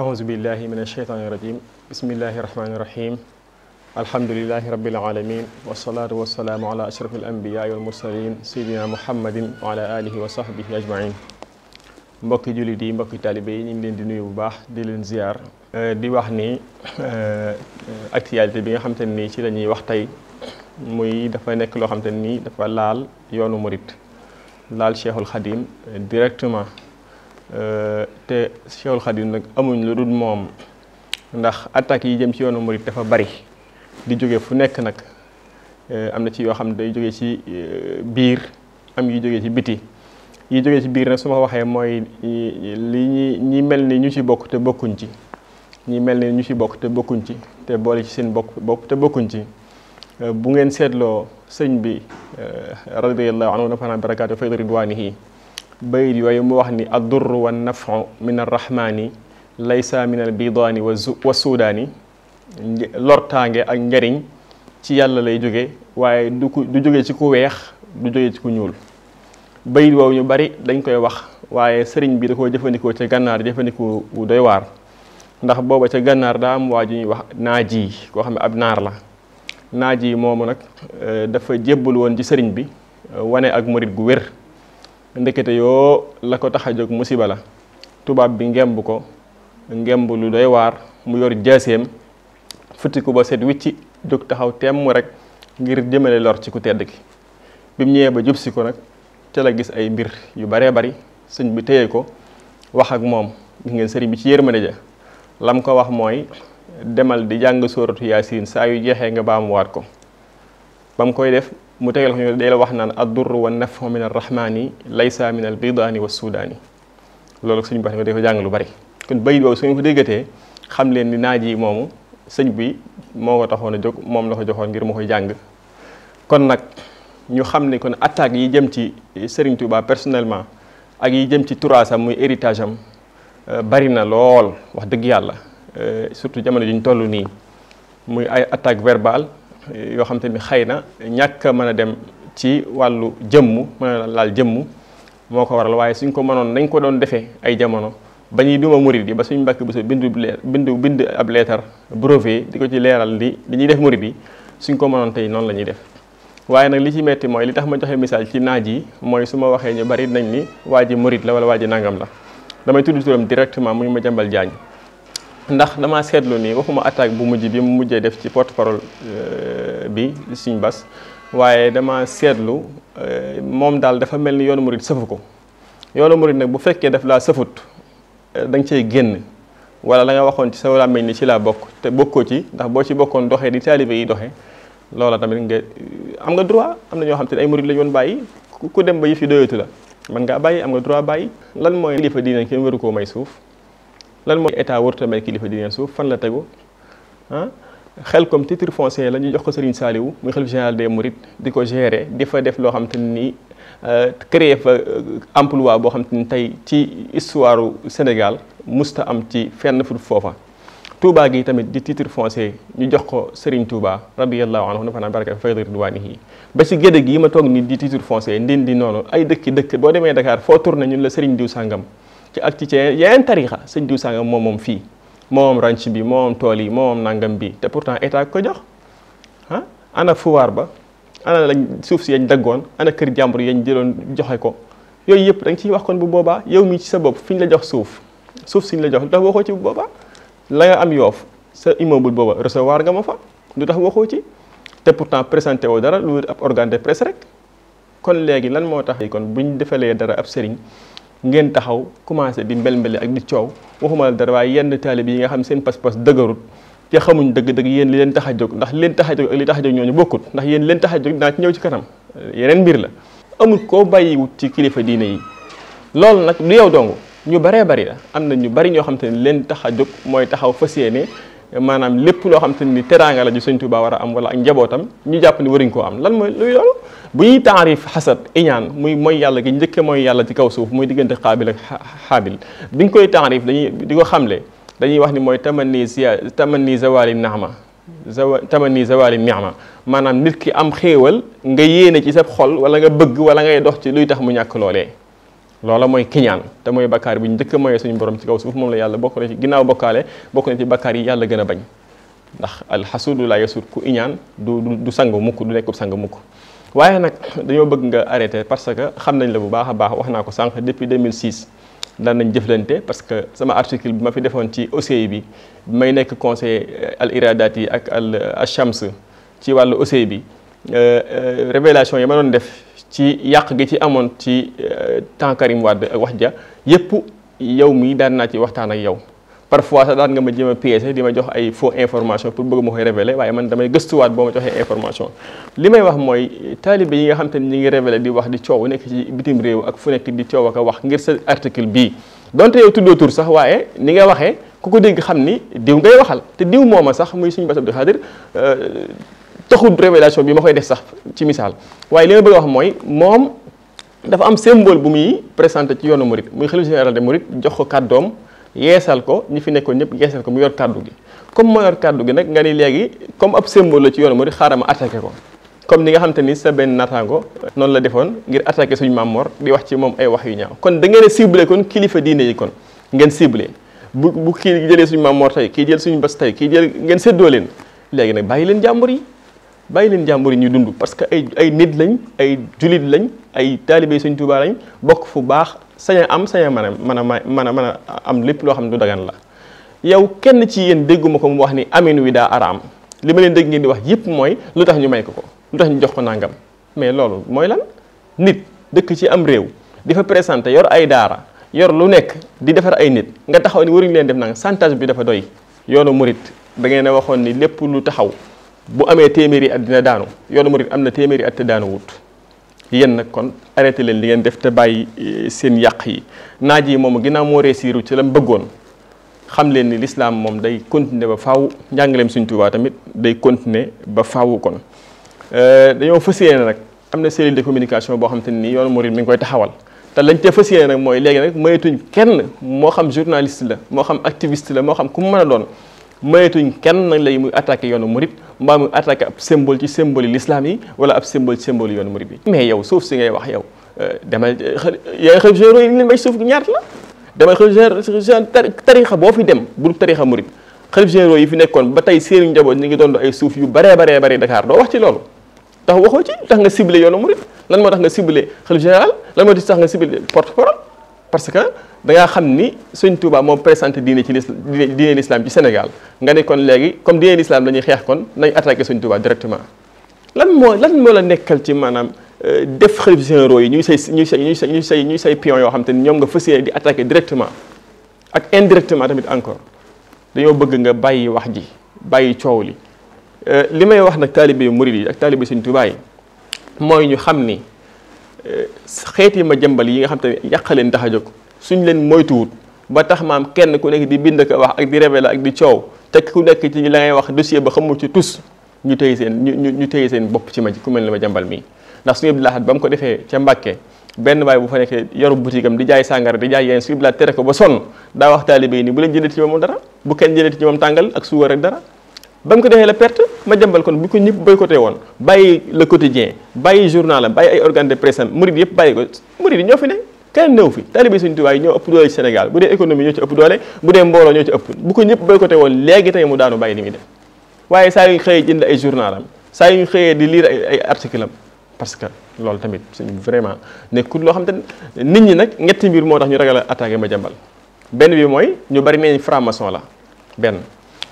أعوذ بالله من الشيطان الرجيم بسم الله الرحمن الرحيم الحمد لله رب العالمين والصلاة والسلام على أشرف الأنبياء والمرسلين سيدنا محمد وعلى آله وصحبه أجمعين mbokki jullit yi mbokki taalibe yi ñu ngi leen di nuyu bu baax di leen ziar di wax ni actualité bi nga xam te nii ci la ñuy wax tey muy dafa nekk loo xam te nii dafa laal yoonu murit laal Cheikhul Khadim directement Euh, te Cheikhul Khadim nag amuñ lu dul moom ndax attaques yi jëm ci yoonu murit dafa bari di jóge fu nekk nag euh, am na ci yoo xam ne day jóge ci euh, biir am yu jóge ci biti yi jóge ci biir nag su ma waxee mooy li ñi ñi mel ni ñu ci bokk te bokkuñ ci ñi mel ni ñu ci bokk te bokkuñ ci te boole ci seen bokk bokk te bokkuñ ci bu ngeen seetloo sëñ bi radiyallahu anhu nafanaa barakaatu fay ridwaanihi bayit yooyu mu wax ni addurru wa nafu min arrahmani laysa min albidaani wa suudaani lortaange ak njariñ ci yàlla lay jóge waaye du ku du jóge ci ku weex du jóge ci ku ñuul bayit woowu ñu bari dañ koy wax waaye sëriñ bi da koo jëfandikoo ca gànnaar jëfandikoo wu doy waar ndax booba ca gànnaar daa am waa ju ñuy wax naaj yi koo xam ne ab naar la naaj yi moomu nag dafa jébbal woon ci sëriñ bi wane ak murit gu wér ndekete yoo la ko tax a jóg musiba la tubaab bi ngemb ko ngemb lu day waar mu yor jaaseem futtiku ba set wicci jóg taxaw temm rek ngir jëmale lor ci ku tedd ki bi mu ñëwee ba jub si ko nag ca la gis ay mbir yu baree bari sëñ bi téye ko wax ak moom gis ngeen sëriñ bi ci yërmande ja lam ko wax mooy demal di jàng sóoratu yaasin saa yu jeexee nga baamuwaat ko ba mu koy def متعال هنا ديل وحنا الضر والنفع من الرحمن ليس من البيضان والسودان لو سنجبه هنا ديل جانغلو باري كن بيد وسنجبه هنا ديل جاتي خملين ناجي مامو سنجبه مامو تخون جوك مام لخو جوخون غير مخو جانغ كن نك نيو خملين كن أتاك يجمتي سرين توبا برسنال ما أجي يجمتي تراسا مي إريتاجم بارينا لول وحدك يالا سورتو جامل جنتولو ني مي أتاك فيربال yoo xam te ni xëy na ñàkk a mën a dem ci wàllu jëmm mën a laal jëmm moo ko waral waaye suñ ko mënoon nañ ko doon defe ay jamono ba ñuy duma murid yi ba suñ bu bésa bindu bindu bind ab leetar brevet di ko ci leeral li li ñuy def murid yi suñ ko mënoon tey noonu la ñuy def waaye nag li ci metti mooy li tax ma joxe misaal ci naaj yi mooy su ma waxee ñu bari nañ ni waa ji morit la wala waa ji nangam la damay tudd turam directement muy ma jàmbal jaañ ndax dama seetlu ni waxuma attaque bu mujj bi mu mujjee def ci porte parole euh, bi suñ bas waaye dama seetlu euh, moom daal dafa mel ni yoonu murit sëfu ko yoonu murit nag bu fekkee daf laa sëfut euh, dañ nga génn wala la nga waxoon ci sa làmmiñ ni ci laa bokk te bokkoo ci ndax boo ci bokkoon doxee di taalibe yi doxee loola tamit nga am nga droit am na ñoo xam te ne ay murit la ñu woon bàyyi ku dem ba yëf fi doyatu la mën ngaa bàyyi am nga droit bàyyi lan mooy kilifa diine kenn waru koo may suuf lan mooy état warut a may kilifa diine suuf fan la tegu ah xel comme titre foncé la jox ko Serigne Saliou muy xalif général des Mourides di ko gérer di fa def loo xam te ni euh, créer fa euh, emploi boo xam te ni tey ci histoire Sénégal musta am ci fenn fu foofa. Touba gi tamit di titre foncier ñu jox ko Serigne Touba radiyallahu anhu nafa naan baraka fi faydi ridwanihi ba si gédé gi ma toog ni di titre foncier ndin di noonu ay dëkk dëkk boo demee Dakar foo tourné ñun la Serigne diw sàngam. ci ak ci yeneen tarixa sëñ diw sàngam moom moom fii moom ranch bi moom tool yi moom nangam bi te pourtant état ko jox ah ana fuwaar ba ana lañ suuf si yañ daggoon ana kër jàmbur yañ jëloon joxe ko yooyu yëpp da nga wax kon bu boobaa yow mi ci sa bopp fi ñu la jox suuf suuf si ñu la jox lu tax waxoo ci bu boobaa la nga am yoof sa immeuble booba recevoir nga ma fa lu tax waxoo ci te pourtant présenté woo dara lu ab organe de presse rek kon léegi lan moo tax kon buñ defalee dara ab sëriñ ngeen taxaw commencé di mbel-mbeli ak di coow waxuma dara waaye yenn taalib yi nga xam seen pas-pas dëgërut te xamuñ dëgg-dëgg yéen li leen tax jóg ndax leen tax a jóg ak li ñooñu bokkut ndax yéen leen tax a jóg dinaa ci ñëw ci kanam yeneen mbir la amul koo bàyyiwut ci kilifa diine yi loolu nag du yow dong ñu baree bari la am na ñu bari ñoo xam te leen tax a jóg mooy taxaw fas yéene maanaam lépp loo xam te ni teraanga la ju sëñ Tuubaa war a am wala ak njabootam ñu jàpp ni waruñ koo am lan mooy luy بي تعريف حسب إيان مي مي يلا جن ذكر مي يلا تكوسوف مي دكان تقابل حابل بين كوي تعريف دني دكوا خملة دني واحد مي تمني زيا تمني زوال النعمة زو تمني زوال النعمة ما نام نلك أم خيول جيي نجي سب خال ولا جبج ولا جي دخت لوي تحمي يأكل عليه لولا مي كيان تمي بكار بين ذكر مي يسوي برام تكوسوف مي يلا بكرة جناو بكرة بكرة تي بكاري يلا جنا بني الحسود لا يسود إيان دو دو سانغو مكو دو نكوب سانغو مكو waaye nag dañoo bëgg nga arrêté parce que xam nañ la bu baax a baax wax naa ko sànq depuis 2006 daan nañ jëflante parce que sama article bi ma fi defoon ci OCI bi may nekk conseil euh, al iradaat yi ak al euh, achams ci wàllu OCI bi euh, révélation yi ma doon def ci yàq gi ci amoon ci temps Karim Wade ak wax ja yëpp yow mii daan naa ci waxtaan ak yow parfois sax daan nga ma jéem a piéger di ma jox ay faux information pour bëgg ma koy révéler waaye man damay gëstuwaat boo ma joxee information li may wax mooy taalibe yi nga xam te ni ngi révéler di wax di coow nekk ci bitim réew ak fu nekk a wax ngir sa article bii donte yow tuddoo sax waaye ni nga waxee ku ko dégg xam ni diw ngay waxal te diw mooma sax muy suñu Bass Abdou Khadre euh, taxul révélation bi ma koy def sax ci misaal waaye li ma bëgg a wax mooy moom dafa am symbole bu muy présenté ci yoonu Mouride muy xalifa général de Mouride jox ko kàddoom yeesal ko ñi fi nekkoon ñëpp yeesal ko mu yor kàddu gi comme moo yor kàddu gi nag nga ni léegi comme ab symbole ci yoon mu di xaaral ma attaqué ko comme ni nga xam te ni sa benn naataango noonu la defoon ngir attaqué suñu maam Mor di wax ci moom ay wax yu ñaaw kon da ngeen a kon kilifa diine yi kon ngeen ciblé bu bu kii jëlee suñ maam Mor tey kii jël suñu bés tey kii jël ngeen séddoo leen léegi nag bàyyi leen jàmbur yi bàyyi leen jàmbur yi ñu dund parce que ay ay nit lañ ay julit lañ ay taalibe Sëñ Tuubaa lañ bokk fu baax sañ am sañ a mën a mën a mën a mën a am lépp loo xam ne du dagan la yow kenn ci yéen dégguma ko mu wax ni amin wi daa araam li ma leen dégg ngeen di wax yëpp mooy lu tax ñu may ko ko lu tax ñu jox ko nàngam mais loolu mooy lan nit dëkk ci am réew di fa présenté yor ay daara yor lu nekk di defar ay nit nga taxaw ni waruñu leen def nangam chantage bi dafa doy yoonu murit da ngeen waxoon ni lépp lu taxaw bu amee téeméeri at dina daanu yoonu murit am na téeméeri at te wut yéen nag kon arrêté leen li ngeen def te bàyyi eh, seen yàq yi naaj yi moom a ginnaaw moo réussiru ci lam bëggoon xam leen ni lislaam moom day continuer ba faw njàngaleem Sëriñ Tuubaa tamit day continuer ba faaw kon eh, dañoo fas yéene nag am na cellule de communication boo xam te ni yoonu murid mi ngi koy taxawal te lañ te fas yéene nag mooy léegi nag mayatuñ kenn moo xam journaliste la moo xam activiste la moo xam ku mu mën a doon mayatuñ kenn lay muy attaquer yoonu mourid mba muy attaquer ab symbole ci symbole l'islam yi wala ab symbole symbole yoonu mourid bi mais yow suuf si ngay wax yow demal yaay xëf jëro yi leen may suuf ñaar la demal xëf xëy géro tarixa boo fi dem bu tarixa mourid xëf jëro yi fi nekkoon ba tey seen njaboot ñi ngi dondo ay suuf yu bare bare bare Dakar do wax ci loolu tax waxoo ci tax nga cibler yoonu mourid lan moo tax nga cibler xëf général lan moo tax nga cibler porte parole parce que da nga xamni seigne Touba moo présenté diine ci diine l'islam ci Sénégal nga ne kon légui comme diine l'islam dañuy xex kon nañ attaquer seigne Touba directement lan mo lan mo la nekkal ci manam def xalif généraux yi ñuy say ñuy say ñuy say ñuy say ñuy say pion yo xamanteni ñom nga fas di attaquer directement ak indirectement tamit encore dañu bëgg nga bàyyi wax ji bàyyi coow li li may wax nak talibé mouride ak talibé seigne Touba yi moy ñu xamni xeeti ma jëmbal yi nga xam te yàq leen tax a jóg suñ leen moytuwut ba tax maam kenn ku nekk di bind ko wax ak di révéler ak di coow te ku nekk ci la ngay wax dossier ba xamul ci tus ñu tey seen ñu ñu tey seen bopp ci ma ku mel ne ma jëmbal mii ndax suñu Abdul Ahad ba mu ko defee ca Mbàkke benn waay bu fa nekkee yoru boutique am di jaay sàngara di jaay yéen su Abdul Ahad tere ko ba sonn daa wax taalibe yi ni bu leen jëndati moom dara bu kenn jëndati ci moom tàngal ak suukar rek dara ba mu ko defee la perte ma jëmbal kon bu ko ñëpp boycotté woon bàyyi le quotidien bàyyi journal am bàyyi ay organe de presse am murid yëpp bàyyi ko murid yi ñoo fi ne kenn new fi taalibe Sëriñ Tuubaa yi ñoo ëpp doole Sénégal bu dee économie ñoo ci ëpp doole bu dee mbooloo ñoo ci ëpp bu ko ñëpp boycotté woon léegi tey mu daanu bàyyi li muy def waaye saa yu ñu xëyee jënd ay journal am saa yu ñu xëyee di liir ay article am parce que loolu tamit suñu vraiment nekkul loo xam te nit ñi nag ñetti mbir moo tax ñu ragal a attaqué ma jambal benn bi mooy ñu bari nee franc la benn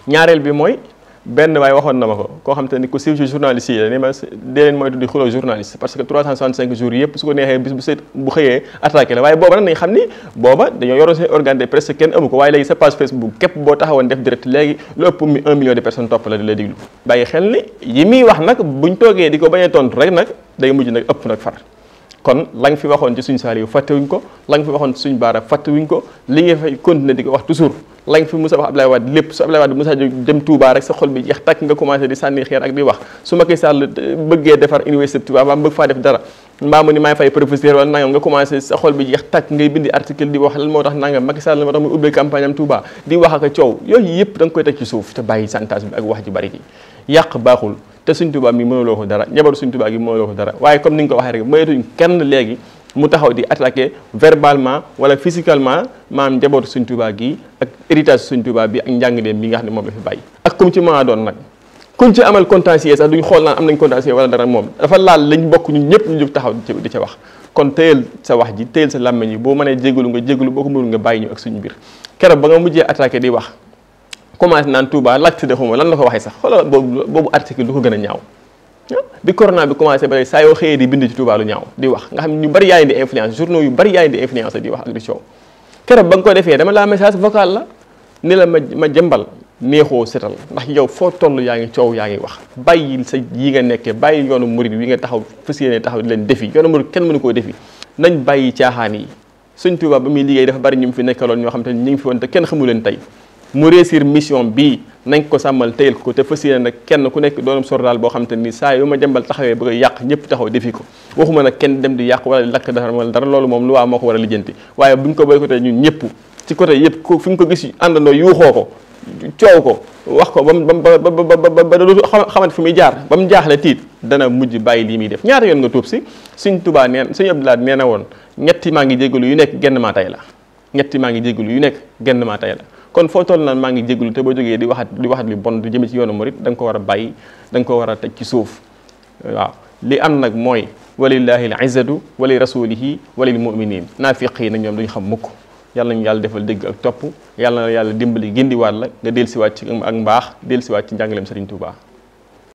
ñaareel bi mooy benn waaye waxoon na ma ko koo xam te ni ku siiw ci journaliste yi la ni ma dee leen mooy tuddi xuloo journaliste parce que 365 jours yëpp su ko neexee bu seet bu xëyee attaqué la waaye booba nag nañ xam ni booba dañoo yoroon seen organe de presse kenn amu ko waaye léegi sa page Facebook képp boo taxawoon def direct léegi lu ëpp mi million de personnes topp la di la diglu bàyyi xel ni yi muy wax nag buñ toogee di ko bañ tontu rek nag day mujj nag ëpp nag far kon lañ fi waxoon ci suñ saal yi fàttewuñ ko lañ fi waxoon ci suñ baara fàttewuñ ko li nga fay continuer di ko wax toujours lañ fi Moussa wax Abdoulaye Wade lépp su Abdoulaye Wade Moussa dem Touba rek bi jeex tàkk commencé di sànni xeer ak di wax su Macky Sall eh, bëggee defar université Touba mbaa bëgg faa def dara mbaa mu ni maa ngi fay professeur wala nangam nga commencé sa xol bi jeex tàkk ngay bindi article di wax lan moo tax nangam Macky Sall moo tax muy ubbee campagne am di wax ak a coow yooyu yëpp da nga koy teg ci suuf te bàyyi santage ak wax ji bari baaxul te Sëñ Tuubaa mi mënuloo ko dara njabaru Sëñ Tuubaa gi mënuloo ko dara waaye comme ni nga ko waxee rek mayatuñ kenn léegi mu taxaw di attaqué verbalement wala physiquement maam njabootu Sëñ Tuubaa gi ak héritage Sëñ Tuubaa bi ak njàngaleem bi nga xam ne moom la fi bàyyi ak comme ci maa doon nag kuñ ci amal contentieux sax duñ xool naan am nañ contentieux wala dara moom dafa laal lañ bokk ñun ñëpp ñu jóg taxaw di ca wax kon téyel sa wax ji téyel sa làmmiñ yi boo mënee jégalu nga jégalu boo ko nga bàyyi ñu ak suñu mbir keroog nga mujjee attaqué di wax commencé naan Touba l'acte de xuma lan la ko waxee sax xoolal boobu boobu article du ko gën a ñaaw ah, bi corona bi commencé ba saa yoo xëyee di bind ci Touba lu ñaaw di wax nga xam ñu bari yaa ngi di influence journaux yu bari yaa ngi di influence di wax ak la ni la ma ma jëmbal neexoo setal ndax yow foo toll yaa ngi coow yaa ngi wax bàyyil sa yi nga nekkee bàyyi yoonu murid yi nga taxaw fas yéene taxaw leen defi yoonu murid kenn mënu koo defi nañ bàyyi caaxaan yi Sëñ Tuubaa ba muy liggéey dafa bari ñu mu fi nekkaloon ñoo xam te ñu fi woon kenn xamu leen tey mu résir mission bii nañ ko sàmmal teyel ko te fas yéene nag kenn ku nekk doonam sordaal boo xam te ni saa yu ma jëmbal taxawee bëgg a yàq ñëpp taxaw defi ko waxuma nag kenn dem di yàq wala lakk dara wala dara loolu moom lu waa moo ko war a lijjanti waaye bu ñu ko boycotté ñun ñëpp ci côté yëpp ko fi ñu ko gis àndandoo yuuxoo ko coow ko wax ko ba mu ba ba ba ba ba xam xamante fi muy jaar ba mu jaaxle tiit dana mujj bàyyi lii muy def ñaata yoon nga tuub si suñ tubaa neen suñu abdulaat nee na woon ñetti maa ngi jégalu yu nekk genn maa la ñetti maa ngi jégalu yu nekk genn maa kon foo toll naan maa ngi jégalu te boo jógee di waxat di waxat li bon du jëme ci yoonu murit da ko war a bàyyi da ko war a teg ci suuf waaw li am nag mooy walillahi al izzatu wali rasulihi walil muminin naafiq yi nag ñoom duñ xam mukk yàlla nañu yàlla defal dégg ak topp yàlla na yàlla dimbali gindiwaat la nga dellusiwaat ci ak mbaax dellusiwaat ci njàngaleem Sëriñ Tuubaa